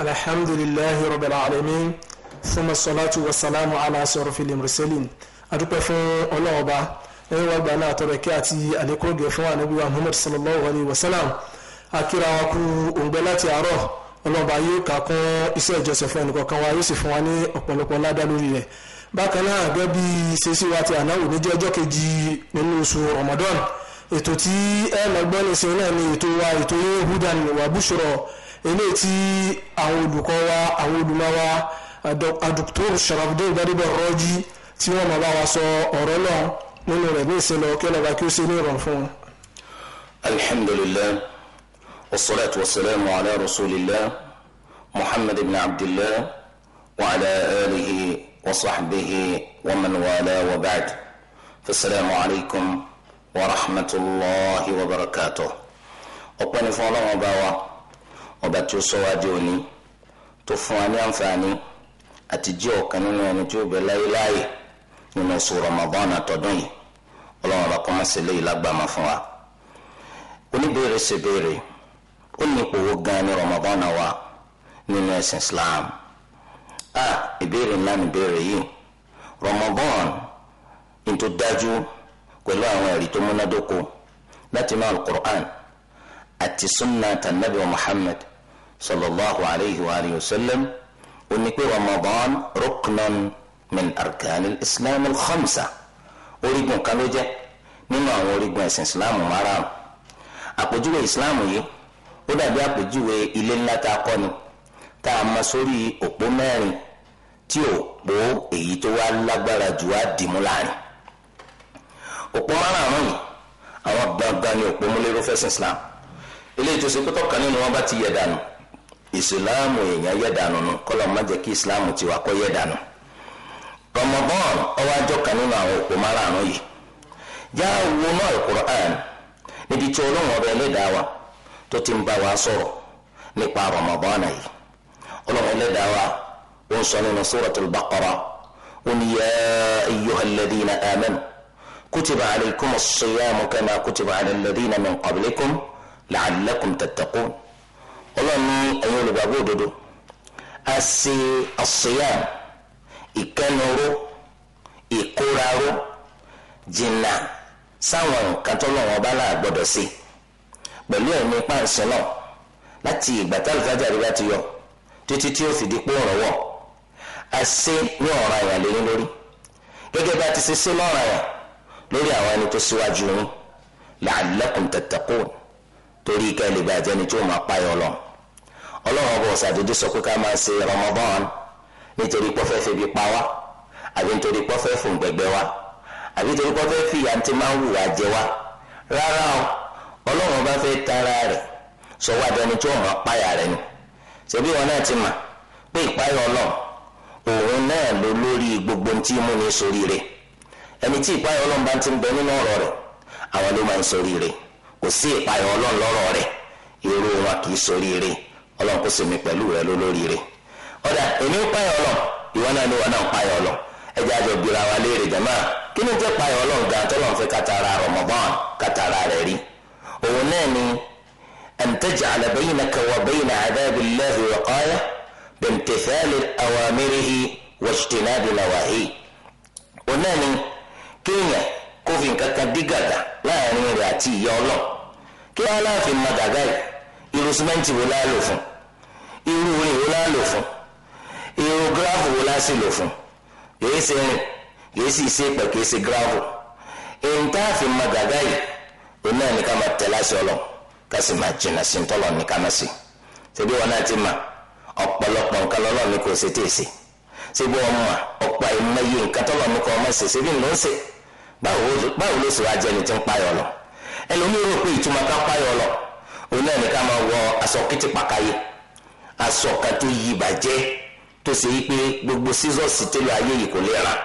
الحمد لله رب العالمين ثم الصلاة والسلام على أشرف المرسلين adúpẹ́ fún Ọlọ́run Ọba lẹ́yìn wá gbà náà tọrọ kí àti àlékòrògè fún ànábì wa Muhammad sallallahu alayhi wa sallam akíra wa kú òǹgbẹ láti àárọ̀ ọlọ́ba yóò kà kún iṣẹ́ ìjọsìn fún ẹnìkọ̀ọ̀kan wa yóò sì fún wa ní ọ̀pọ̀lọpọ̀ ládá lórí rẹ̀ bákan náà gẹ́gẹ́ bí ṣeṣí wa ti ànáwó níjẹ́ ọjọ́ kejì nínú oṣù Ramadan ètò tí ẹ̀ lọ́gbọ́n nìṣẹ́ náà ni ètò wa ètò yóò húdà wà búṣọ̀rọ̀ eléyìí tí àwọn olùkọ́ wa àwọn olùmọ̀ wa adoktor sharafdin gbadebo rọjí tí wọ́n máa bá wa sọ ọ̀rọ̀ náà nínú rẹ̀ ní ìsinmi ọ̀kẹ́ lọ́ba kí ó ṣe ní ìrọ̀rùn fún un. alhamdulillah wasalaatu wasalaamu ala rasulillah muhammad ibn abdillah wa ala alihi wa sahbihi wa man wala wa ba'd fasalaamu alaykum wa rahmatulahi wa barakatuh ọ̀pọ̀ fún ọlọ́run bá wa ọba tí ó sọ wá di òní tó fún wa ní àǹfààní àti jẹ́ ọ̀kan nínú ẹni tí ó bẹ láyéláyé nínú oṣù Ramadan àtọ̀dún yìí ọlọ́run ọba kan sì léyìí lágbàmọ́ fún wa. oníbèrè ṣe béèrè ó ní ipò owó gan ni Ramadan wa nínú ẹ̀sìn Islam a ìbéèrè ńlá ni ìbéèrè yìí Ramadan ní tó dájú pẹ̀lú àwọn ẹ̀rí tó múnádóko látinú Al-Qur'an àti sunna tànàbí wa Muhammad sallallahu alayhi wa alihi wa sallam ó ní pé ramadan ruknan min arkan islam al-khamsa orígun kan ló jẹ́ nínú àwọn orígun ẹ̀sìn islam márùn-ún àpèjúwe islam yìí ó dàbí àpèjúwe ilé ńlá tá a kọ́ ni tá a mọ sórí òpó mẹ́rin tí òpó èyí tó wá lágbára jù á dìmú láàrin òpó márùn-ún àwọn gbọ̀ngàn ni òpó múlẹ́rú fẹ́sìn islam ilé ìtòsí pé tọ́ka nínú wọn bá ti yẹ̀ dànù ìsìláàmù èèyàn yẹ dànù nù kọlọ má jẹ́ kí ìsìláàmù tiwa kọ yẹ dànù Ramadan ọwọ àjọ kan nínú àwọn òpó márààrún yìí já wo náà alukur'an níbi tí olóhùn ọbẹ ẹlẹ́dàá wa tó ti ń bá wa sọ̀rọ̀ nípa Ramadan yìí olóhùn ẹlẹ́dàá wa ó ń sọ nínú suratul Baqara ó ní yā ayyuhal ladhīna āmanū kutiba alaykumus siyāmu kamā kutiba alal ladhīna min qablikum la'allakum tattaqūn ọlọ́run ní ẹ̀yin olùgbàgbọ́ òdodo a ṣe àṣeyàn ìkẹnuró ìkóraró jìnnà sáwọn nǹkan tó lọ́wọ́ bá náà gbọ́dọ̀ sí pẹ̀lú ẹ̀mí páǹsì náà láti ìgbà tá àlùfáàjáde bá ti yọ títí tí ó fi di pé òrànwọ́ a ṣe ní ọ̀ràn àyàn lẹ́yìn lórí gẹ́gẹ́ bá ti ṣe ṣe lọ́ràn àyàn lórí àwọn ẹni tó síwájú yín la'allakum tattaqun torí ká lè bá jẹ́ni tó máa payọ̀ lọ́wọ́ ọlọ́run ọba ọ̀sàdédé sọ pé ká máa ṣe Ramadan nítorí pọ́fẹ́ febi pa wá àbí nítorí pọ́fẹ́ fún gbẹgbẹ wa àbí nítorí pọ́fẹ́ fìyà tí máa ń wùwà jẹ wa rárá o ọlọ́run ọba fẹ́ tara rẹ̀ sọ wá dẹni tó hàn páyà rẹ̀ ni ṣebí wọn náà ti mà pé ìpáyà ọlọ́run òun náà ló lórí gbogbo tí mú ní soríire ẹni tí ìpáyà ọlọ́run bá ti ń bẹ nínú ọ̀rọ̀ rẹ̀ àwọn ló máa ń soríire kò sí ìpáyà ọlọ́run lọ́rọ̀ rẹ̀ irú wọn kì í soríire ọlọ́run kò sèmi pẹ̀lú rẹ lólórí rẹ ọ̀dà èmi ń payọ̀ ọlọ́ ìwọ náà ni ìwọ náà ń payọ̀ ọlọ́ ẹja àjọ bira wa léèrè jama kí ni jẹ́ payọ̀ ọlọ́run gan tọ́lọ́run fẹ́ kátara Ramadan kátara rẹ̀ rí òun náà ni an taj'ala baynaka wa bayna adhabillahi wiqaya bimtithali awamirihi wajtinabi nawahi òun náà ni kéèyàn kófin kankan dígàgà láàrin rẹ̀ àti ìyà ọlọ́ kí aláàfin madagari irú símẹ́ǹtì wo la lò fún irú irin wo la lò fún irú gíráàfù wo la sì lò fún kìí ṣe rìn kìí sì ṣe pẹ̀ kìí ṣe gíráàfù èyí a fi mọ gàgá yìí òun náà ní ká máa tẹ̀ láṣẹ ọlọ ká sì máa jìnnà sí ń tọ́lọ̀ ní ká máa ṣe ṣebí wọn náà ti mà ọ̀pọ̀lọpọ̀ nǹkan lọ́lọ́ ní kò ṣe tèèṣe ṣebí wọn mà ọ̀pọ̀ àìmọye nǹkan tọ́lọ̀ ní kò ọmọ ṣe ṣebí ló ń ṣe báwo ló ṣe wá jẹ́ni tí ń payọ̀ lọ ẹlòmíràn pé ìtumọ̀ ká payọ̀ lọ òun náà ní ká máa wọ aṣọ kìtìpàkáyé aṣọ kan tó yí bàjẹ́ tó ṣe yí pé gbogbo sísọ́ọ̀sì tẹ́lẹ̀ ayé yìí kò lè ràn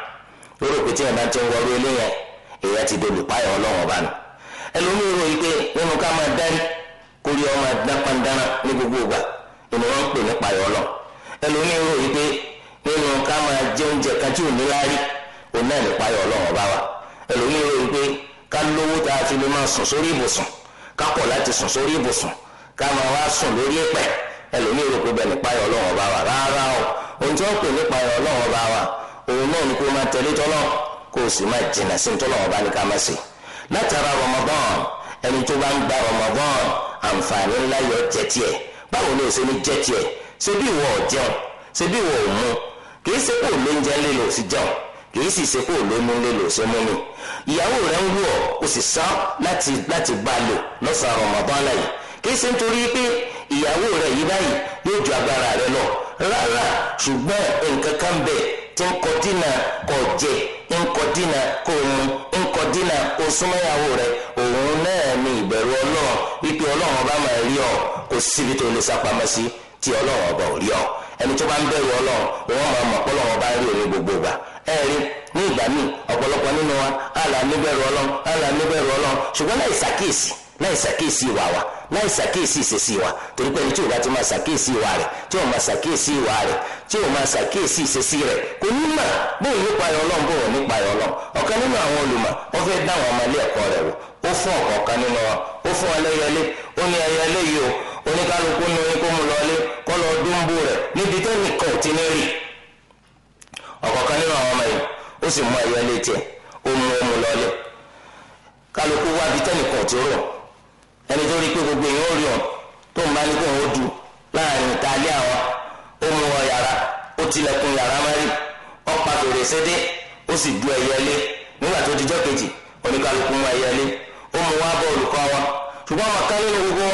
lórí tí ẹ̀dá ti ń wọlé eléyẹn èèyàn ti bá nù ẹlòmíì rò pé nínú ká máa dárí kórí ọmọ dápándárà ní gbogbo ìgbà wọn pè ní ọlọ́ pé nínú ká máa jẹ oúnjẹ kápọ̀ láti sùn sórí ibùsùn ká máa wá sùn lórí ìpẹ́ ẹlòmíì rò pé bẹ́ẹ̀ nípa ọlọ́run ọba wa rárá o ohun tí wọ́n pè nípa ọlọ́run ọba wa òun náà ni kó máa tẹ̀lé tọ́lọ́ kó o sì máa jìnnà sí tọ́lọ́run ọba ní ká máa látara Ramadan ẹni tó bá ń gba Ramadan àǹfààní ńlá yọ jẹ tiẹ̀ báwo ni o ṣe ní jẹ tiẹ̀ ṣé bí ìwọ ò jẹun ṣé bí ìwọ ò mu kì í ṣe kó o lóúnjẹ lílo ò kì í sì ṣe pé òlónú lè lò ṣe mú mi ìyàwó rẹ ń wù ọ́ o sì sá láti láti bá a lò lọ́sàn-án Ramadan yìí kì í ṣe nítorí pé ìyàwó rẹ yìí báyìí yóò ju agbára rẹ lọ rárá ṣùgbọ́n nǹkan kan bẹ̀ ń kọ dínà kọ jẹ ń kọ dínà ń kọ dínà súnmọ́yàwó rẹ òun náà ni ọ kò síbi tó lè sí tí Ọlọ́run ọba ẹ̀rí ní ìgbà míì ọ̀pọ̀lọpọ̀ nínú wa àlà níbẹ̀rù ọlọ́run àlà níbẹ̀rù ọlọ́run ṣùgbọ́n láì ṣàkíyèsí láì ṣàkíyèsí ìwà wa láì ṣàkíyèsí ìṣesí wa torí pé ẹni tí o bá ti máa ṣàkíyèsí ìwà rẹ̀ tí o máa ṣàkíyèsí ìwà rẹ̀ tí o máa ṣàkíyèsí ìṣesí rẹ̀ kò ní mà bóun nípa ẹ̀ ọlọ́run bóun nípa ẹ̀ ọlọ́run ọ̀kan nínú àwọn olùmọ̀ wọ́n fẹ́ dá àwọn ọmọlé ẹ̀kọ́ rẹ̀ wò ó fún ọ̀kọ̀ọ̀kan nínú wọn ó fún ẹlẹ́yẹlé ó ní ẹyẹlé yìí o oníkálukú ní oníkó mu lọlé kọ́ lọ dúnbù rẹ̀ níbi tẹ́nìkan ò ti ní rí ọkọkọ nínú àwọn ọmọ yìí ó sì mú ẹyọ létí ẹ̀ ó mú ọmọ lọ́lé kálukú wá bíi tẹ́nìkan tó rọ̀ ẹni tó rí pé gbogbo èèyàn ó rí ọ̀ tó ń bá ní kóun láàrin ìta àwọn ó mú ọ yàrá ó yàrá du lé nígbà tó kejì mú lé ó mú wá wọn gbogbo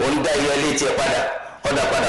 wọn dá lé padà padà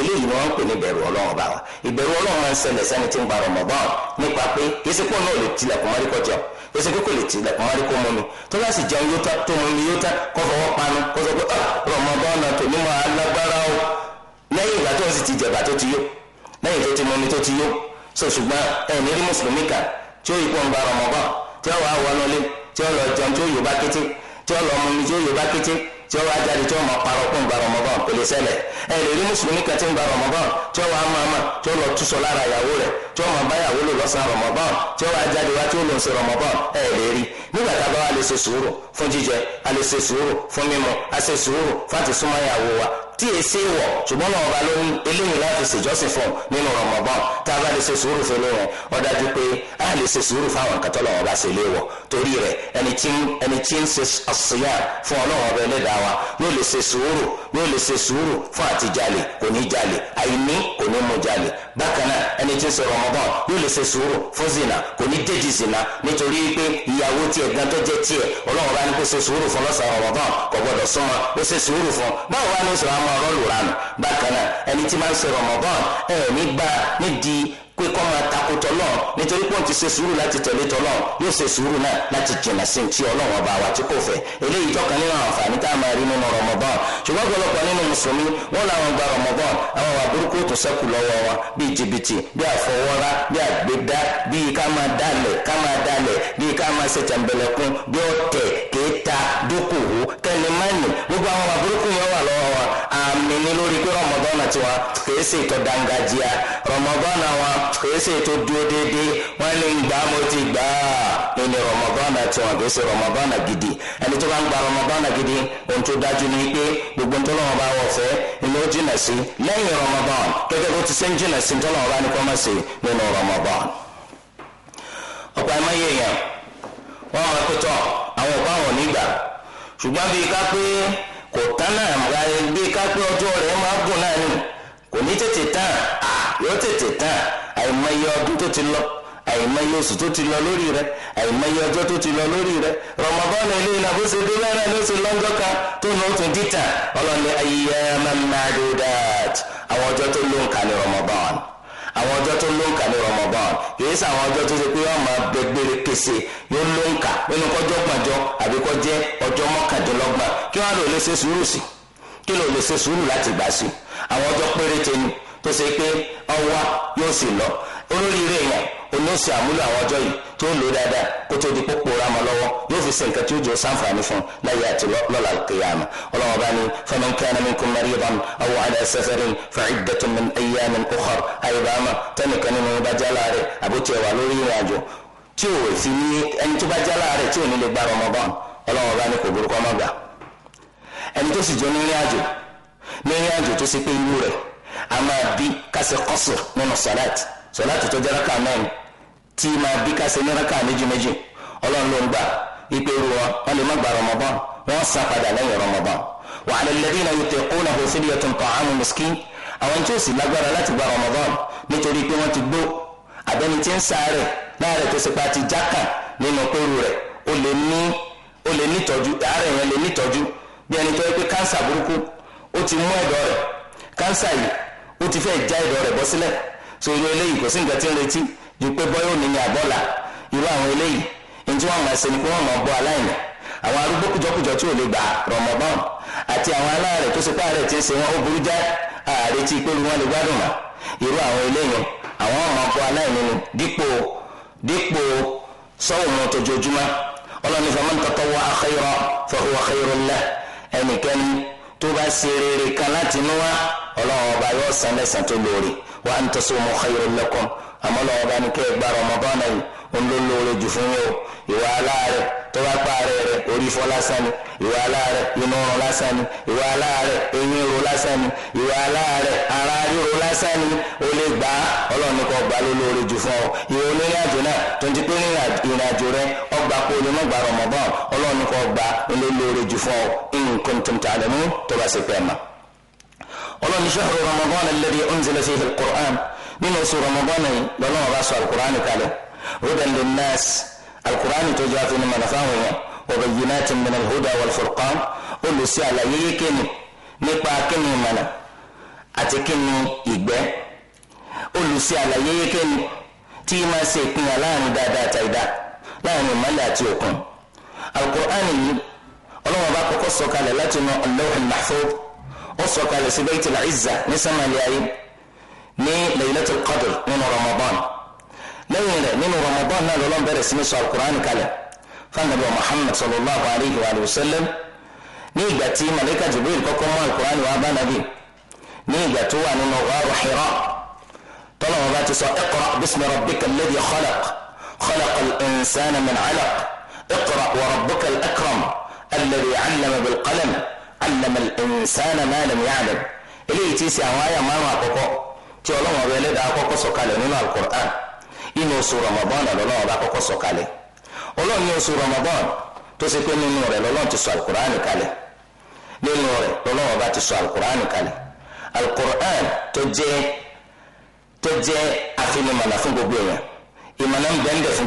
eléyìí ni wọ́n pè ní ìbẹ̀rù ọlọ́run bá wa ìbẹ̀rù ọlọ́run máa ń ṣẹlẹ̀ sẹ́ni tí ń gba Ramadan nípa pé kìsìkò náà lè tilẹ̀kùn mọ́ríkọ́ jẹun kìsìkò kò lè tilẹ̀kùn mọ́ríkọ́ mọ́nu tó bá sì jẹun yóò tó mọ́ mi yóò tán kó fọwọ́ panu kó sọ pé ah, Ramadan náà tò ní mọ́ alágbára o lẹ́yìn ìgbà tó sì ti jẹ̀bà tó ti yó lẹ́yìn tó ti mọ́mi tó ti yó so ṣùgbọ́n ẹ̀ẹ́nì rí mùsùlùmí kan tí ó yí pọ̀ ń ba Ramadan tí ó wà wọnú ilé tí ó lọ jẹun tí ó yóò bá kété tí tí ó wá jáde tí ó máa parọ́ kó ń ba Ramadan kò lè ṣẹlẹ̀ ẹ̀ lè rí mùsùlùmí kan tí ń ba Ramadan tí ó wá máa ma tí ó lọ túṣọ lára ìyàwó rẹ̀ tí wọn bá yàwó lò lọ́sàn rọmọbọ́n tí wọn ajáde wá tí wọn lò ń ṣe rọmọbọ́n ẹ lè rí nígbà tá a bá wà lè ṣe sùúrù fún jíjẹ a lè ṣe sùúrù fún mímu a ṣe sùúrù fáti súnmọ́ ìyàwó wa tí èsì wọ̀ ṣùgbọ́n náà ọba ló ń eléyìí láti ṣèjọ́sìn fún nínú rọmọbọ́n tá a bá lè ṣe sùúrù fún eléyìí ó dájú pé a lè ṣe sùúrù fáwọn nǹkan lọ́wọ́ bá ṣe léwọ̀ torí rẹ̀ ẹni tí ń ṣe àṣìyà fún ọlọ́wọ́ ọba ẹlẹ́dàá wa ló lè ṣe sùúrù ló lè ṣe sùúrù fún àtijalè kò ní jalè àìní kò ní mú jalè bákan náà ẹni tí ń ṣe Ramadan yóò lè ṣe sùúrù fún zina kò ní déjì zina nítorí pé ìyàwó tiẹ̀ gan tó jẹ́ tiẹ̀ ọlọ́run bá ní kó ṣe sùúrù fún lọ́sàn Ramadan kò gbọdọ̀ sún wọn ó ṣe sùúrù fún báwo wá ní sọ̀rọ̀ àwọn ọ̀rọ̀ lùranù bákan náà ẹni tí máa ń ṣe Ramadan ẹ̀ nígbà nídìí pé kọ́ máa takò tọ́lọ̀ nítorí pé òun ti ṣe sùúrù láti tẹ̀lé tọ́lọ̀ yóò ṣe sùúrù náà láti jìnnà sí ti ọlọ́run ọba wa tí kò fẹ́ eléyìí tọ́ka nínú àǹfààní tá a máa rí nínú Ramadan ṣùgbọ́n ọ̀pọ̀lọpọ̀ nínú mùsùlùmí wọn làwọn gba Ramadan àwọn wà burúkú tó ṣẹ́kù lọ́wọ́ wọn bíi jìbìtì bíi àfọwọ́rá bíi àgbéda bíi ká máa dalẹ̀ ká máa dalẹ̀ bíi ká máa ṣe tẹ̀m̀bẹ̀lẹ̀kún bíi ọ̀tẹ̀ kéta dókòwò kẹlẹ́mánì gbogbo àwọn wà burúkú yẹn wà lọ́wọ́ wọn àmì ni lórí pé Ramadan tiwa kèé ṣètò dángájíà Ramadan wa kìí ṣe tó dúró déédéé wọ́n lè gbà á mo ti gbà á nínú rọmọbọ́nà tí wọn kìí ṣe gidi ẹni tó bá ń gba gidi ohun tó dájú ni pé gbogbo ń tọ́lọ́wọ́n bá wọ̀ fẹ́ ni ó jìnà sí lẹ́yìn rọmọbọ́n gẹ́gẹ́ bó ti ṣe ń jìnà sí tọ́lọ́wọ́n bá ní kọ́ mọ̀ sí nínú ọ̀pọ̀ èèyàn wọ́n kó tọ̀ àwọn ṣùgbọ́n ká pé kò àìmọye ọdún tó ti lọ àìmọye oṣù tó ti lọ lórí rẹ àìmọye ọjọ́ tó ti lọ lórí rẹ rọmọbọ́ọ̀nù ilé iná bó ṣe dé lẹ́rẹ̀ ló ṣe lọ́jọ́ kan tó nà ó tún dìtà ọlọ́ni ayé mẹ́mẹ́rẹ́dàt àwọn ọjọ́ tó ló ń kà ní rọmọbọ́ọ̀nù àwọn tó ló ń kà ní yìí àwọn tó ṣe pé máa kése yóò ló ń kà nínú àbí kí lò lè ṣe sùúrù sí kí lò lè tó ṣe pé ọwọ́ yóò sì lọ olóríire yẹn olóòsì àmúlò àwọn ọjọ́ yìí tó lò dáadáa kó tó di pópó ramọ lọ́wọ́ yóò fi ṣe nǹkan tí ó jọ sáǹfààní fún láyé àti lọ́la kéyàmù ọlọ́wọ́n bá ní faman kana minkum maridan aw ala safarin fa'iddatun min ayyamin ukhar àyèbámà tẹnìkan nínú bá jálá rẹ̀ àbótiẹ̀ wà lórí ìrìn àjò tí ò fi ní ẹni tó bá jálá rẹ̀ tí ò ní lè gbà ẹni tó a máa bí kásẹ̀ kọ́sọ̀ nínú sọ̀láàtì sọ̀láàtì tó jẹ́ rákà mẹ́rin tí máa bí kásẹ̀ ní rákà méjì méjì ọlọ́run ló ń gbà ipe ru wọn wọn lè má gba Ramadan wọn san padà lẹ́yìn Ramadan wa 'ala alladhina yutiqunahu fidyatun ta'amu miskin àwọn tí ó sì lágbára láti gba Ramadan nítorí pé wọ́n ti gbó àbẹ́ni tí ń sáré láàrẹ̀ tó ṣe pa ti jákà nínú péru rẹ̀ ó lè ní ó lè nítọ́jú àárẹ̀ yẹn lè nítọ́jú bí ẹni tó yẹ pé kánsà burúkú ó ti mú ẹ̀dọ̀ rẹ̀ kánsà yìí ó ti fẹ́ já ìdọ̀ rẹ̀ bọ́ sílẹ̀ so irú eléyìí kò sí nǹkan tí ń retí ju pé bọ́yọ̀ ní ní àbọ̀là irú àwọn eléyìí ní tí wọ́n máa ṣe ni pé wọ́n máa bọ́ aláìní àwọn arúgbó kùjọkùjọ tí ò lè gbà Ramadan àti àwọn aláàrẹ̀ tó ṣe páàrẹ̀ tí ń ṣe wọn ó burú já ààrẹ tí pé wọn lè gbádùn mọ́ irú àwọn eléyìí àwọn máa bọ́ aláìní ni dípò dípò sọ́wọ́n tójoojúmọ́ ọlọ́ni faman ọlọ́run ọba yóò san lẹ́sàn tó lóore wa an tasumu khayrun lakum àmọ́ ọlọ́run ọba ní kẹ́ ẹ gba Ramadan yìí ń ló lóore jù fún yín o ìwà aláàárẹ̀ tó bá pààrẹ̀ rẹ̀ orí fọ́ lásán ni ìwà aláàárẹ̀ inú ọrùn lásán ni ìwà aláàárẹ̀ eyín ro lásán ni ìwà aláàárẹ̀ ara ríro lásán ni o lè gbà á ọlọ́run ní kò gbà ló lóore jù fún ọ ìwà onírìnàjò náà tó ń ti pé ìrìnàjò rẹ ọgbà kó o lè ọlọ́run ní kò gbà ló lóore jù fún ọ in kuntum ta'lamun tó bá ṣe pẹ́ ọlọ́ni shahru ramadan alladhi unzila fihi alqur'an nínú oṣù ramadan yìí lọ́nà ọba sọ alqur'an kalẹ̀ hudan linnas alqur'an tó jẹ́ àfihàn mọ̀nà fáwọn yẹn wa bayyinatin min alhuda wal furqan olùsí àlàyé yékéni nípa kíni ìmọ̀nà àti kíni ìgbẹ́ olùsí àlàyé yékéni tí ma ṣe ìpínyà láàrin dáadáa àtàìdá láàrin ìmọ̀lẹ̀ àti òkun yìí ọlọ́wọ́n bá kọ́kọ́ وصفك على سبيت العزة نسمى لأي ني ليلة القدر من رمضان ليلة من رمضان نال الله بلا سنسوا القرآن كلا فالنبي محمد صلى الله عليه وآله وسلم ني جاتي ملكة جبريل كوكوما القرآن وابا نبي ني جاتوا أن نغار حراء طلعوا بات اقرأ باسم ربك الذي خلق خلق الإنسان من علق اقرأ وربك الأكرم الذي علم بالقلم alama ìnsánà máa lè yáàlẹ̀ eléyìí ti ṣe àwọn àyà márùn àkọ́kọ́ tí ọlọ́wọ́n ọba ẹlẹ́dàá àkọ́kọ́ sọ̀kalẹ̀ nínú alukur'an inú oṣù ramadan lọ́lọ́wọ́n ọba àkọ́kọ́ sọ̀kalẹ̀ ọlọ́run ní oṣù ramadan tó ṣe pé nínú rẹ̀ lọ́lọ́run ti sọ alukur'an kalẹ̀ nínú rẹ̀ lọ́lọ́wọ́n ọba ti sọ alukur'an kalẹ̀ alukur'an tó jẹ́ tó jẹ́ àfinimọ̀nà fún gbogbo ìmọ̀nà ń fún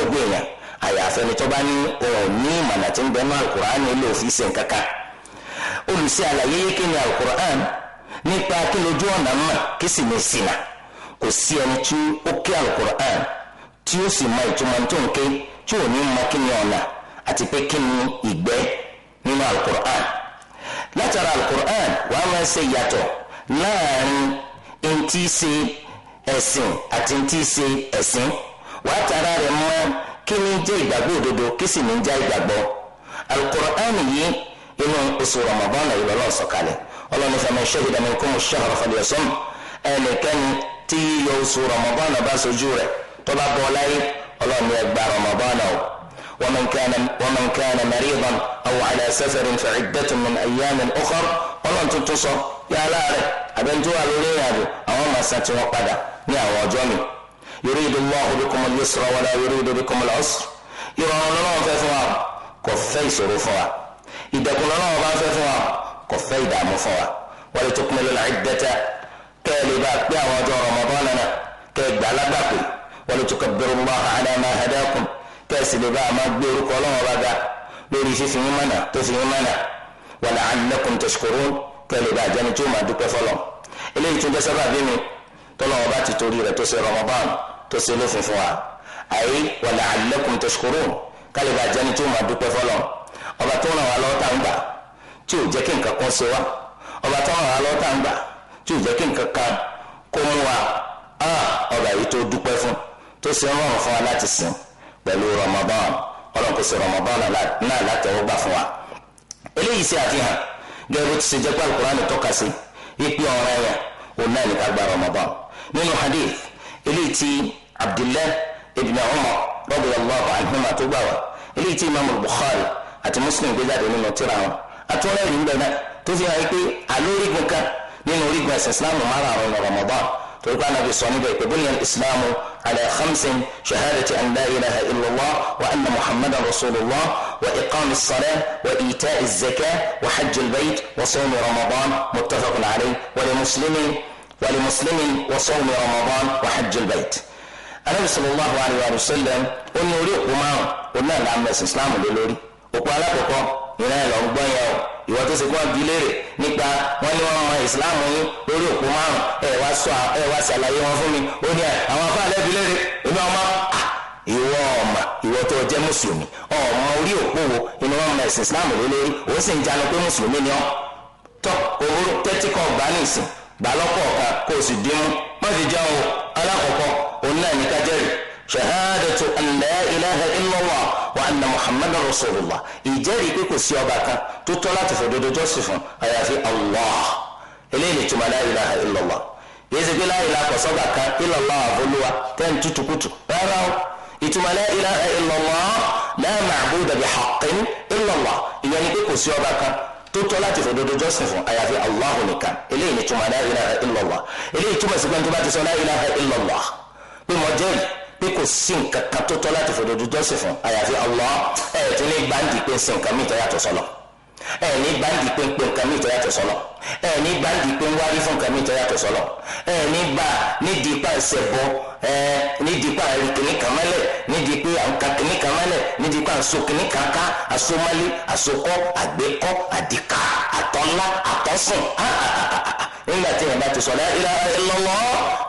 gbogbo àyàfẹ́ ni tó ní òun ní ìmọ̀nà tí ń bẹ mọ́ alukur'an ilé òfin ṣe olùsí àlàyé yékè ní alukur'an nípa kí lójú ọ̀nà mọ̀ kí sì ní sinà kò sí ẹni tí ó ké alukur'an tí ó sì mọ ìtumọ̀ tó ń ké tí ò ní mọ kí ni ọ̀nà àti pé kí ni ìgbẹ́ nínú alukur'an látara alukur'an wàá máa ṣe yàtọ̀ láàrin ntí ṣe ẹ̀sìn àti ntí kí ni jẹ́ ìgbàgbọ́ òdodo kí sì ní jẹ́ ìgbàgbọ́ alukur'an yìí inú oṣù ramadan yìí lọ́lọ́ sọ̀kalẹ̀ ọlọ́ni fama shahida minkum ash-shahra falyasum ẹnikẹ́ni tí yíyọ oṣù ramadan bá sojú rẹ̀ tó bá bọ́ láyé ọlọ́ni ẹgbà ramadan o waman kana waman kana maridan aw ala safarin fa'iddatun min ayyamin ukhar ọlọ́ni tuntun sọ yàrá rẹ̀ àbẹ̀ntúwà lórí ìrìnàjò àwọn màsà tí wọ́n padà ní àwọn ọjọ́ mi yuridu Allahu bikum al-yusra wala yuridu bikum al-usra ìrọ̀rùn lọ́wọ́ fẹ́ fún wa kò fẹ́ ìṣòro fún wa ìdẹ̀kùn lọ́wọ́ bá fẹ́ fún wa kò fẹ́ ìdààmú fún wa wali tukmilu al-iddata kẹ́ẹ̀lì bá pé àwọn ọjọ́ Ramadan náà kẹ́ẹ̀ gbà lágbàpè wali tukabbiru Allaha ala ma hadakum kẹ́ẹ̀sì lè bá a tó fi bá jẹ́ni tó tọ́lọ́wọ́ bá ti torí rẹ̀ tó ṣe Ramadan tó ṣe ló fún fún wa àyè wa la'allakum tashkurun kálí bá jẹ́ni tí ó máa dúpẹ́ fọlọ́ ọba tó ràn wá lọ́wọ́ tá à ń gbà tí ò jẹ́ kí nǹkan kan ṣe wá ọba tó ràn wá lọ́wọ́ tá à ń gbà tí ò jẹ́ kí nǹkan kan kó mú wa ọba yìí tó dúpẹ́ fún tó ṣe fún wa láti sìn pẹ̀lú Ramadan ọlọ́run kò sí Ramadan náà látẹ̀wọ́gbà fún wa eléyìí ṣe àfihàn gẹ́gẹ́ ti ṣe jẹ́ pé Al-Qur'an tọ́ka sí ipi ọ̀rọ̀ ẹ̀yà òun náà ní gba Ramadan nínú hadith eléyìí tí abdullahi ibn umar radiyallahu anhuma tó gbà wá eléyìí tí imaamu bukhari àti muslim gbé jáde nínú tírà wọn àtúnrẹ́ ìlú bẹ̀rẹ̀ náà tó fi hàn pé alórígun kan nínú orígun ẹ̀sìn islamu márùn-ún ramadan torí pé anabi sọ níbẹ̀ pé bóyá islamu على خمس شهادة أن لا إله إلا الله وأن محمدا رسول الله وإقام الصلاة وإيتاء الزكاة وحج البيت وصوم رمضان متفق عليه ولمسلم ولمسلم وصوم رمضان وحج البيت anabi sallallahu alayhi wa وسلم ó ní orí òkú márùn ó náà la mẹsìn islam lé lórí òkú alákọ̀ọ́kọ́ ìran ẹ̀ lọ ń gbọ́n yẹn o ìwọ tó ṣe kó wọn bí léèrè nípa wọn ní wọn mọ islam yín lórí òkú márùn ẹ wá sọ ẹ wá ṣàlàyé wọn fún mi ó ní ẹ àwọn afáàlẹ bí léèrè ọmọ ìwọ ọmọ ìwọ tó jẹ mùsùlùmí ọmọ orí òkú wo ìní wọn mẹsìn islam lórí ó sì ń janu pé mùsùlùmí ni ọ tọ òwúrò tẹ́tí kan gbà ní ìsìn gbàlọ́pọ̀ kan kó o sì dín mú má fi jẹun alákọ̀ọ́kọ́ òun náà ní kájẹ́rì shahadatu an la ilaha illallah wa anna muhammadu rasulillah ìjẹ́rìí pé kò sí ọba kan tó tọ́ láti fòdodo jọ́sìn fún àyàfi allah eléyìí ni tuma la ilaha illallah yìí ṣe pé la ilaha kọ̀sọ́gbà kan illallah àbólúwa tẹ́ǹ tutukutu rárá o ìtumọ̀ la ilaha illallah la ma'buda haqqin illallah ìyẹn ni pé kò sí ọba kan tó tọ́ láti fòdodo jọ́sìn fún àyàfi Allahu nìkan eléyìí ni túmọ̀ la ilaha illallah eléyìí túmọ̀ sí pé nítorí bá ti sọ la ilaha illallah pé mo jẹ́rìí pé kò sí nǹkan kan tó tọ́ láti fòdodo jọ́sìn fún àyàfi Allah ẹ̀ nǹkan mìíràn yàtọ̀ sọ́lọ́ ẹ̀ẹ̀ni gbáǹdì pé ń pe nǹkan mi ìtọ́ yàtọ̀ sọ́lọ̀ ẹ̀ẹ̀ni gbáǹdì pé ń wárí fún nǹkan mi ìtọ́ yàtọ̀ sọ́lọ̀ ẹ̀ẹ̀ni gbà nídìí pa ẹsẹ̀ bọ ẹ̀ẹ́ nídìí pa ẹ̀rí kìíní kan mẹ́lẹ̀ nídìí pé à ń ka kìíní kan mẹ́lẹ̀ nídìí pa àṣọ kìíní kan ká àṣọ mọ́lé àṣọkọ́ àgbékọ́ nígbà tí èèyàn bá ti sọ la ilaha illallah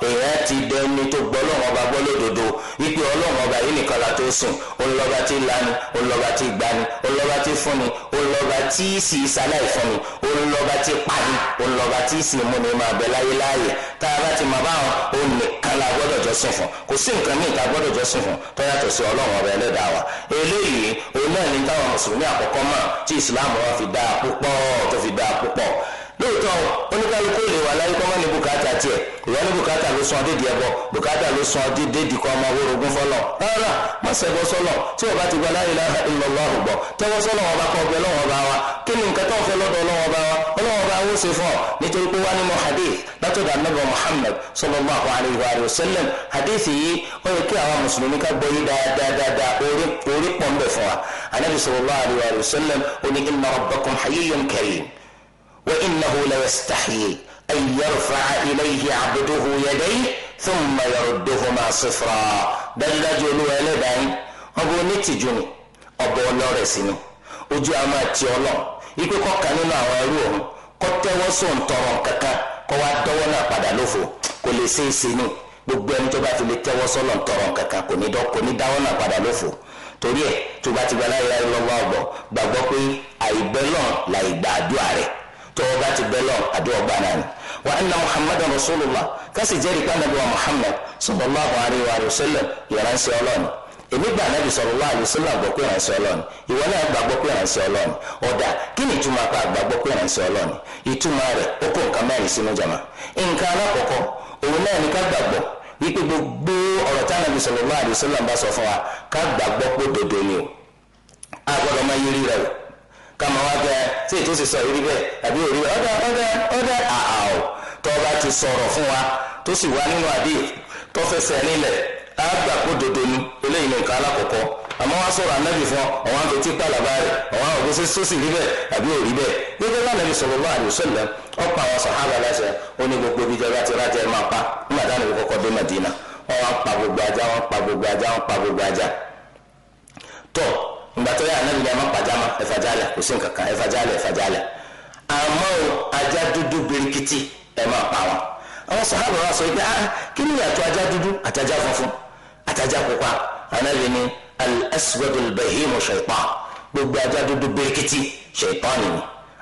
èèyàn ti dẹni tó gbọ́ lọ́wọ́ ọba gbọ́ lódodo wípé ọlọ́wọ́ ọba yìí nìkan la tó sùn olùlọ́ba ti lani olùlọ́ba ti gbani olùlọ́ba ti fúnni olùlọ́ba tí sì sáláì fúnni olùlọ́ba ti pani olùlọ́ba tí sì múni máa bẹ láyé láàyè tá a bá ti mọ báwọn onìkan la gbọ́dọ̀ jọ sùn fún kò sí nǹkan míì tá a gbọ́dọ̀ jọ sùn fún tó yàtọ̀ sí ọlọ́wọ́ ọba lóòótọ́ oníkálukú lè wà láyé kọ́mọ́ ní bùkátà tiẹ̀ ìwọ ní bùkátà ló sọ dédìí ẹ̀bọ bùkátà ló sọ dédìí kọ́ ọmọ orogún fọlọ́ rárá má ṣẹbọ sọlọ tí o bá ti gba la ilaha illallah àrùbọ̀ tẹ́wọ́ sọlọ wọn bá kọ́ ọbẹ̀ lọ́wọ́ bá wa kí ni nǹkan tó ń fẹ́ lọ́dọ̀ ọlọ́wọ́ bá wa ọlọ́wọ́ bá wọ́n ṣe fún ọ nítorí pé wá nínú hadith látọ̀dọ̀ anábọ̀ وإنه ليستحيي أن يرفع إليه عبده يديه ثم يردهما صفرا dájúdájú olúwa ẹlẹ́dàá yín ọba onítìjú ni ọba ọlọ́rẹ̀ sí ni ojú a máa ti ọlọ́ ikú kọ́ka nínú àwọn ẹrú ọ̀hún kọ́ tẹ́wọ́ sóńtọ̀rọ̀ kankan kọ́ wá dọ́wọ́ náà padà lófo kò lè ṣe é ṣe ni gbogbo ẹni tó bá fi lè tẹ́wọ́ sọ́lọ̀ ntọ̀rọ̀ kankan kò ní dọ́ kò ní dáwọ́ náà padà lófo torí ẹ̀ tó bá ti gba láyé ayélujára ọgbọ̀ gbàgbọ́ pé àìgbẹ́lọ̀ làìgbà àdúrà rẹ̀ tó o bá ti bẹ́ lọ àdúrà gbà ni wa anna muhammadan rasulillah kásì jẹ́rìí pé wa muhammad sallallahu alayhi wa sallam ìránṣẹ́ ọlọ́run èmi gba anabi sallallahu alayhi wa sallam gbọ́ pé ìwọ náà gbàgbọ́ pé ìránṣẹ́ ọ̀dà kí ni ìtumọ̀ apá àgbàgbọ́ pé ìránṣẹ́ ìtumọ̀ rẹ̀ nǹkan mẹ́rin sínú jama nǹkan alákọ̀ọ́kọ́ òun náà ká gbàgbọ́ wípé gbogbo ọ̀rọ̀ kama wa gbẹ tí ètò sì sọ yìí rí bẹ́ẹ̀ àbí òrí ọ̀dà ọ̀dà ọ̀dà àhàó tó bá ti fún wa tó sì wá nínú àdé tó fẹsẹ̀ nílẹ̀ kó dodo eléyìí ní nǹkan alákọ̀ọ́kọ́ àmọ́ anábì fún ọ àti tí pàlàbà àwọn sì rí àbí òrí àwọn sàhábà ó ní gbogbo ibi jẹba ti rájẹ máa pa nígbà táwọn dé pa gbogbo pa gbogbo ajá pa ìgbà tó yà ànábì lẹ́yìn mọ́pàjámà ẹ̀fàjálẹ̀ kò sí nǹkan kan ẹ̀fàjálẹ̀ ẹ̀fàjálẹ̀ àmọ́ ajá dúdú birikiti ẹ̀ máa pa wọn àwọn sàhábà wa sọ pé ah kí ni ìyàtọ̀ ajá dúdú àtajá funfun àtajá pupa ànábì ni al-aswadul bahimu shaitan gbogbo ajá dúdú birikiti shaitan nìyí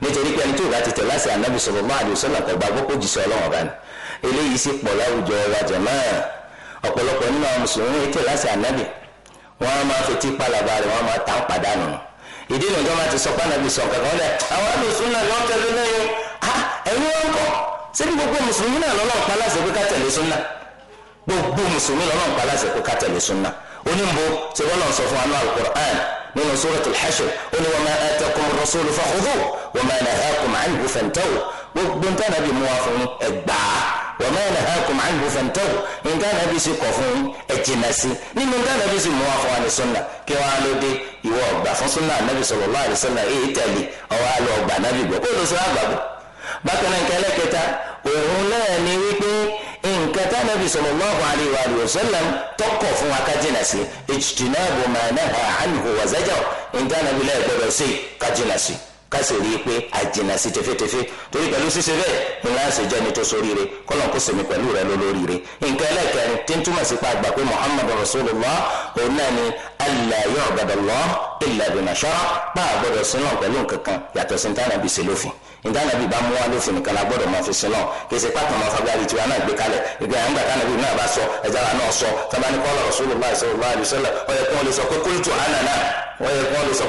nítorí pé ẹni tó bá ti tẹ̀ láti ànábì sallallahu alaihi wasallam kò gbàgbọ́ kó jìṣẹ́ ọlọ́run ọba ni eléyìí sì pọ̀ láwùjọ wa jàmáà ọ̀pọ̀lọpọ̀ nínú àwọn mùsùlùmí tẹ̀ láti ànábì wọ́n á máa fetí pàlàbà rẹ̀ wọ́n á máa tà ń pàdánù ìdí nìjọ́ máa ti sọ pé ànábì sọ kankan lẹ̀ àwọn àlùsùn náà lọ́ọ́ tẹ̀lé lẹ́yìn ah, ẹ̀yin wọn kọ́ ṣebí gbogbo mùsùlùmí náà lọ́lọ́run pa al Hashr ó ní wa ma wa ma nahakum anhu fantahu gbogbo nǹkan nàbí mú wa fún ẹgbà wa ma nahakum anhu fantahu nǹkan nàbí sì kọ̀ fún ẹ̀jìnà sí nínú nǹkan nàbí sì mú wa fún wa ní sunna kí wọ́n á ló dé ìwọ ọgbà fún sunna nàbí sallallahu alaihi wasallam èyí tẹ̀lé ọwọ́ àlọ́ ọgbà nàbí gbọ́ kó ló sọ àgbàgbọ́ bákan náà nǹkan ẹlẹ́kẹta òun náà ni wípé nǹkan tánàbí sallallahu alaihi wa sallam tọkọ̀ fún wa kájìnà sí ijtinabu ma naha anhu wa zajar nǹkan nàbí lẹ́ẹ̀gbọ́dọ̀ sí kájìnà sí kásì rí i pé àjìnà sí tefetefe torí pẹ̀lú ṣíṣe bẹ́ẹ̀ ni wọ́n á ṣe jẹ́ni tó sóríire kọ́lọ́n kó sèmi pẹ̀lú rẹ lólóríire. nǹkan ẹlẹ́kẹ̀rin tí ń túmọ̀ sí pa àgbà pé muhammadu rasulullah òun náà ni alla yu'bada Allah illa bima shara bá a gbọ́dọ̀ sílọ̀ pẹ̀lú nǹkan kan yàtọ̀ sí ntànà bí ṣe lófin ntànà bí bá mú wa lófin nìkan la gbọ́dọ̀ máa fi sílọ̀ kèsì pàtó máa fa gbárí tiwa náà gbé kalẹ̀ ìgbà yẹn gbà tànà bí náà bá sọ ẹ̀dá wa náà sọ tábàní kọ́lọ̀ rasulullah sallallahu alaihi wasallam ọ̀yẹ̀kùn olè sọ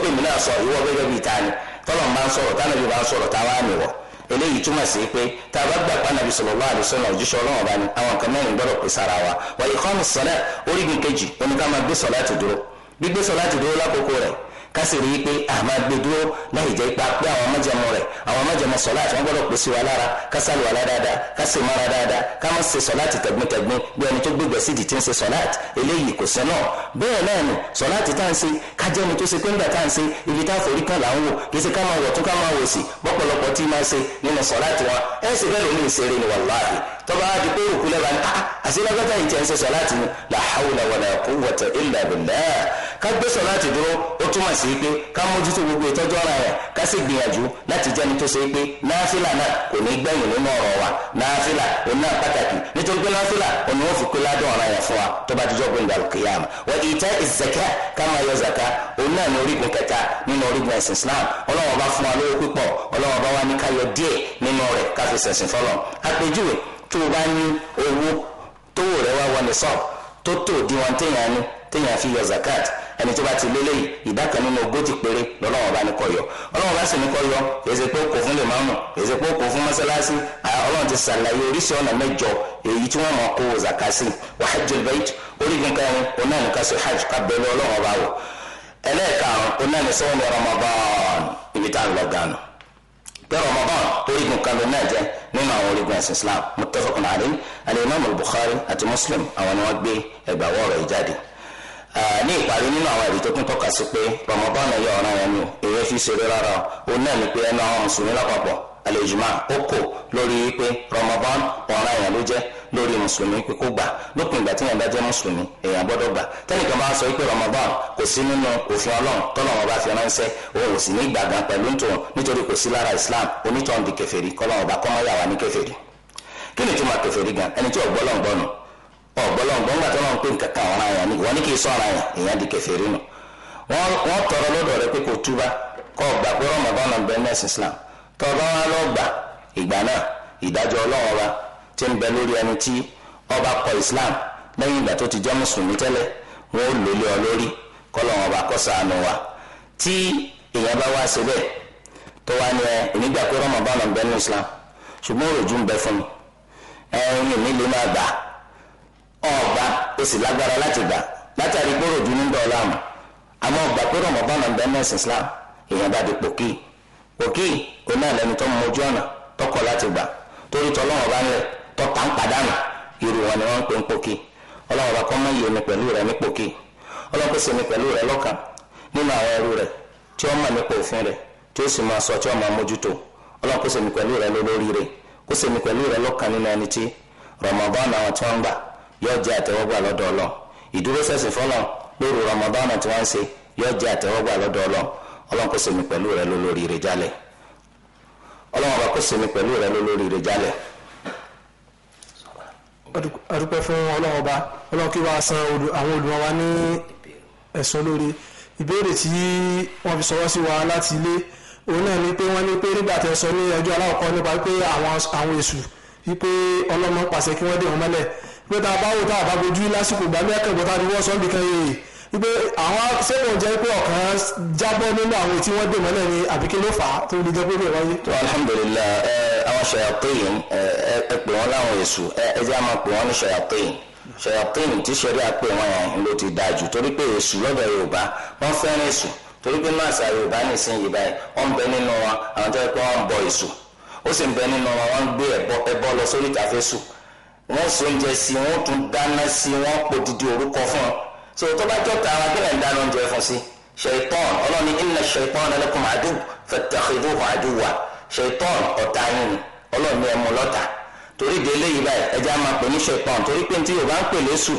pé tọ́lọ̀n bá ń sọ̀rọ̀ tánàbí bá ń sọ̀rọ̀ táwa nìwọ̀ eléyìí túmọ̀ sí pé tá a bá gbà pa nàbí sallallahu alaihi wasallam òjíṣẹ́ ọlọ́wọ́n bá ní àwọn nǹkan mẹ́rin gbọ́dọ̀ pè sára wa wà iqamis salat orígun kejì oníkàmá gbé sọ̀lá ti dúró gbígbé sọ̀lá ti dúró lákòókò rẹ̀ kásìrì yìí pé àmà gbé dúró láì jẹ́ ipa pé àwọn májẹ̀mú rẹ̀ àwọn májẹ̀mú sọ̀lá àti wọn gbọ́dọ̀ pèsè wa lára kásàlù wa dáadáa kásì mara dáadáa káwọn ṣe sọ̀lá àti tẹ̀gbìntẹ̀gbìn bí ẹni tó gbégbé sídìí ti ń ṣe sọ̀lá àti eléyìí kò sẹ́ náà bẹ́ẹ̀ náà nù sọ̀lá àti tá à ń ṣe kájẹ́ ni tó ṣe pé ńgbà tá à ń ṣe ibi tá a forí kan là ń wò kì í ṣe ká máa wọ̀ tún ká máa wò sí bọ́pọ̀lọpọ̀ tí máa ṣe nínú sọ̀lá àti wọn ẹ̀ sì bẹ́ẹ̀ lómi ìṣeré ni wàláhì tọ́ba á pé òkú lẹ́ba ni ah, àṣìlẹ́gbẹ́ta yìí ti ń ṣe sọ̀lá àti ni la hawla wala quwwata illa billah ká gbé sọ láti dúró ó túmọ̀ sí pé ká mójútó gbogbo ìtọ́jú ọ̀ràn rẹ̀ ká sì gbìyànjú láti jẹ́ni tó ṣe pé náfìlà náà kò ní gbẹ̀yìn nínú ọ̀rọ̀ wa náfìlà òun náà pàtàkì nítorí pé náfìlà òun ó fi pé ládùn ọ̀ràn yẹn fún wa tó bá dijọ́ gbẹ̀ngà kìyàmù wọ́n ìtẹ́ ìzẹ̀kẹ́ ká máa yọ zàká òun náà ní orígun kẹta nínú orígun ẹ̀sìn Islam Ọlọ́run bá fún wa lówó púpọ̀ Ọlọ́run bá wá ní ká yọ díẹ̀ nínú rẹ̀ ká fi ṣẹ̀sìn fọlọ́ àpèjúwe tó o bá ní owó tówó rẹ̀ wá wọ nìsọ́ọ̀ tó tó òdiwọ̀n téèyàn ní téèyàn fi yọ zakat ẹni tó bá ti lélẹ̀ yìí ìdá kan nínú ogójì péré lọ́lọ́wọ́n bá ní kó yọ ọlọ́wọ́n bá sì ní kó yọ èsì pé kò fún lèmọ́mù èsì pé kò fún mọ́sálásí ọlọ́run ti sàlàyé oríṣi ọ̀nà mẹ́jọ èyí tí wọ́n mọ̀ kó zaka sí wa hajjul bayt orígun kẹrin oná nìkan sí hajj ká bẹ̀rẹ̀ ọlọ́wọ́n bá wò ẹlẹ́ẹ̀karùn-ún ní sọ́wọ́n ní Ramadan ibi tá ní ìparí nínú àwọn ẹ̀rí tó tún tọ́ka sí pé rọmọbọ́ọ̀nù yọ ọ̀ràn wọn ni o èyí fi ṣeré rárá o òun náà ni pé ẹnu àwọn mùsùlùmí lápapọ̀ àlejòmọ́ ó kò lórí pé rọmọbọ́ọ̀nù ọ̀ràn yẹn ló jẹ́ lórí mùsùlùmí pé kó gbà lópin ìgbà tí yẹn bá jẹ́ mùsùlùmí èèyàn gbọ́dọ̀ gbà tẹ́nìkan bá sọ pé rọmọbọ́ọ̀nù kò sí nínú òfin ọlọ́run tọ́lọ̀ wọn bá fi ránṣẹ́ òun ò sì ní ìgbàgbọ́n pẹ̀lú ntòun nítorí kò sí lára Islam onítọ̀hún di kèfèrí kọ́lọ́run ọba kọ́mọ́yà wà ní kèfèrí kí ni tí mo kèfèrí gan ẹni tí ò gbọ́ ọ̀gbọ́lọ́ngbọ́n gbà tó lọ́n pé nǹkan ọ̀ràn àyàn ni sọ tọrọ lọ́dọ̀ rẹ pé kò túbá kọ́ ọ̀gbà pé bẹ Islam tọ́ba wọn lọ gbà ìgbà náà ìdájọ́ Ọlọ́run ọba tí ń bẹ lórí ẹni tí ọba kọ Islam lẹ́yìn ìgbà tó ti jẹ́ mùsùlùmí tẹ́lẹ̀ wọn ò ọba kọ wa tí bá wá tó wá ní ẹ ìnígbà pé Islam ṣùgbọ́n òròjú ọba esi lagbara láti gbà látàrí gbòròdú ní dọ́làmù àmọ́ ọba pé rọmọba náà bẹ́ẹ̀ mẹ́sì islam èèyàn bá di pòkì pòkì oní àlẹ́ni tó mọ̀jú ọ̀nà tọkọ láti gbà torí tọ́lọ́wọ́n bá ní rẹ̀ tọ́ta ń padànù irú wọn ni wọ́n ń pè ń pòkì ọlọ́wọ́n bá kọ́ mọ́ iye mi pẹ̀lú rẹ̀ ní pòkì ọlọ́pẹ̀sẹ̀ mi pẹ̀lú rẹ̀ lọ́kà nínú àwọn ẹrú rẹ̀ tí wọ́n mọ̀ yóò jẹ àtẹwọgbà lọ́dọ̀ ọlọ́ ìdúróṣẹ̀sìn fọlọ́ lóru Ramadan tí wọ́n ń ṣe yóò jẹ àtẹwọgbà lọ́dọ̀ ọlọ́ pẹ̀lú rẹ lólórí rẹ fún ọlọ́run ọba san àwọn olùmọ̀ wa ní lórí ìbéèrè tí wọ́n fi sí wa láti ilé òun náà ni pé wọ́n ní pé nígbà nípa pé tá a bá tá a bá gbójú lásìkò ìgbà mẹ́kàn bọ́tà ni wọ́n sọ ń bìkan yìí wípé àwọn sẹ́kọ̀ọ́ jẹ́ pé ọ̀kan jábọ́ nínú àwọn tí wọ́n dè mọ́lẹ̀ ni àbíké ló fà á tó lè jẹ́ pé bẹ́ẹ̀ wáyé. tó alhamdulilayi ẹ àwọn ṣayatin ẹ ẹ pè wọn láwọn èṣù ẹ ẹ jẹ́ àmọ́ pè wọn ní ṣayatin ṣayatin tí ṣẹ̀rí àpè wọn yẹn ló ti dáa jù torí pé èṣù lọ́dọ̀ Yorùbá wọ́n fẹ́ràn èṣù torí pé máàsà Yorùbá nìsín yìí báyìí wọ́n ń bẹ nínú wọn àwọn tó yẹ wọ́n so oúnjẹ sí wọ́n tún dáná sí wọ́n pò didi orúkọ fún ọ so tó bá jọ tààrà kí lè dáná oúnjẹ fún sí ṣètọ́n ọlọ́ni inna ṣètọ́n lakum adu fattakhiduhu aduwa ṣètọ́n ọ̀tá yín ni ọlọ́ni ẹ̀ mú lọ́tà torí de eléyìí báyìí ẹja máa pè ní ṣètọ́n torí pé tí yorùbá ń pè lẹ́sù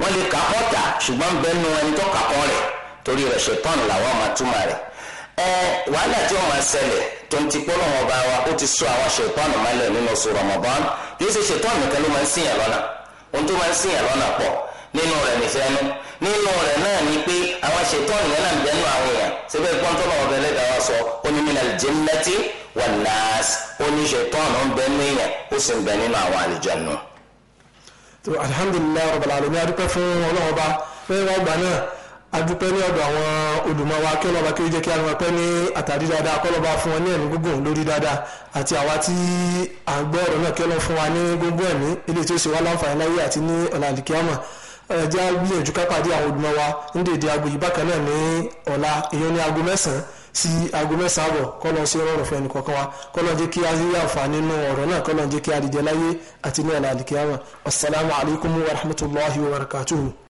wọ́n lè kà kọ́ta ṣùgbọ́n bẹ́ẹ̀ ẹni tó kà kọ́ rẹ̀ torí rẹ̀ ṣètọ́n làwọn máa túmọ̀ rẹ̀ ẹ wàhálà tí wọ́n máa ṣẹlẹ̀ tonti kpọlọ wọn bá wa ó ti sọ àwọn ṣètọ́nù mọ́lẹ̀ nínú oṣù Ramadan kì í ṣe ṣètọ́nù nìkan ló máa ń ṣìyàn lọ́nà ohun tó máa ń ṣìyàn lọ́nà pọ̀ nínú rẹ̀ nìfẹ́ nu nínú rẹ̀ náà ni pé àwọn ṣètọ́nù yẹn náà ń bẹ́ẹ̀ nù àwọn èèyàn síbẹ̀ gbọ́n tó lọ́wọ́ wa sọ ó ní minal jinnati wan ní adúpẹ́ ní ọ̀dọ̀ àwọn olùmọ̀wá kí ọlọ́ba kí ó jẹ́ kí arúgbó pẹ́ ní àtàrí dáadáa kọ́ lọ́ba fún wọn ní ẹ̀mí gúngùn lórí dáadáa àti àwa tí à ń gbọ́ ọ̀rọ̀ náà kí ọlọ́ba fún wa ní gúngùn ẹ̀mí eléyìí tí ó ṣe wá láǹfààní láyé àti ní ẹ̀jẹ̀ gbìyànjú àwọn olùmọ̀wá dèdè aago yìí bákan náà ní ọ̀la èèyàn ní aago mẹ́sàn